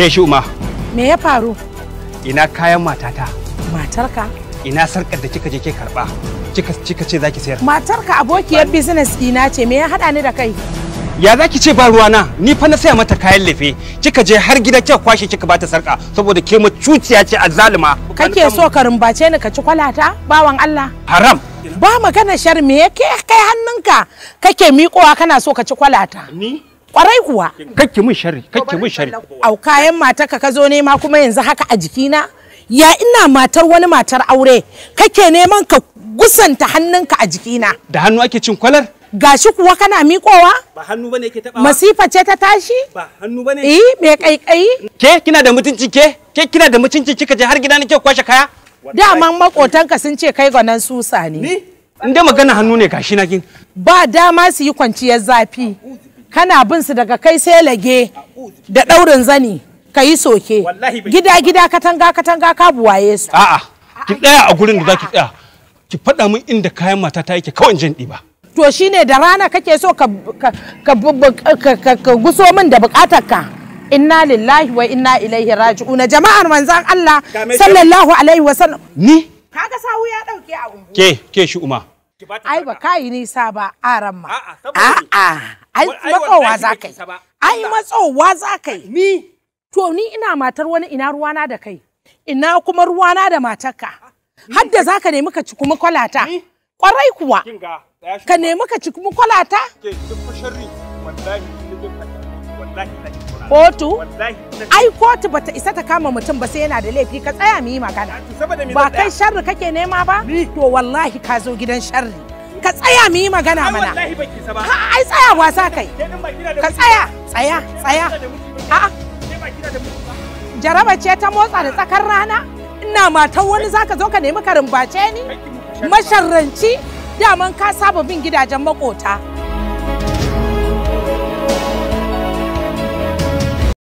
Ke shi uma. Me ya faru? Ina kayan matata. Matarka? Ina sarkar da kika je ke karba. Kika kika ce zaki sayar. Matarka abokiyar business dina ce me ya hada ni da kai? Ya zaki ce ba ruwana ni fa na saya mata kayan lefe kika je har gida kika kwashe kika bata sarka saboda ke cuciya ce azzalima. Kake so ka rumbace ni ka ci kwalata bawan Allah? Haram. Ba magana shar me yake kai hannunka kake miƙowa kana so ka ci kwalata? Ni? kwarai kuwa kake mun sharri kake mun sharri au kayan matarka ka zo ma kuma yanzu haka a jikina ya ina matar wani matar aure kake neman ka gusanta hannunka a jikina da hannu ake cin kwalar gashi kuwa kana miƙowa ba hannu bane yake tabawa masifa ce ta tashi ba hannu bane eh me kai-kai. ke kina da mutunci ke ke kina da mutunci kika je har gida nake kwashe kaya daman makotanka sun ce kai gwanan susa ne ni inda magana hannu ne gashi na kin ba dama su yi kwanciyar zafi kana bin su daga kai sai lage da daurin zani ka yi soke gida gida katanga katanga ka buwaye su a'a ki tsaya a gurin da zaki tsaya ki faɗa min inda kayan mata ta yake kawai jin ba. to shine da rana kake so ka guso min da bukatar ka inna lillahi wa inna ilaihi raji'una jama'ar manzan Allah sallallahu alaihi wa ni kaga sawu ya dauke a ke ke shi uma ai ba kayi nisa ba a ran ma a'a ai matsowa za ka yi ai matsowa za ka yi ni to ni ina matar wani ina ruwana da kai ina kuma ruwana da matarka har da za ka nemi ka ci kuma kwalata kwarai kuwa ka nemi ka ci kuma kwalata ke duk sharri wallahi kotu ai kotu bata isa ta kama mutum ba sai yana da laifi ka tsaya mu yi magana ba kai sharri kake nema ba to wallahi ka zo gidan sharri ka tsaya mu yi magana mana ha ai tsaya sa kai ka tsaya tsaya tsaya a jaraba ce ta motsa da tsakar rana ina matan wani zaka zo ka nemi karin bace ni masharranci daman ka saba bin gidajen makota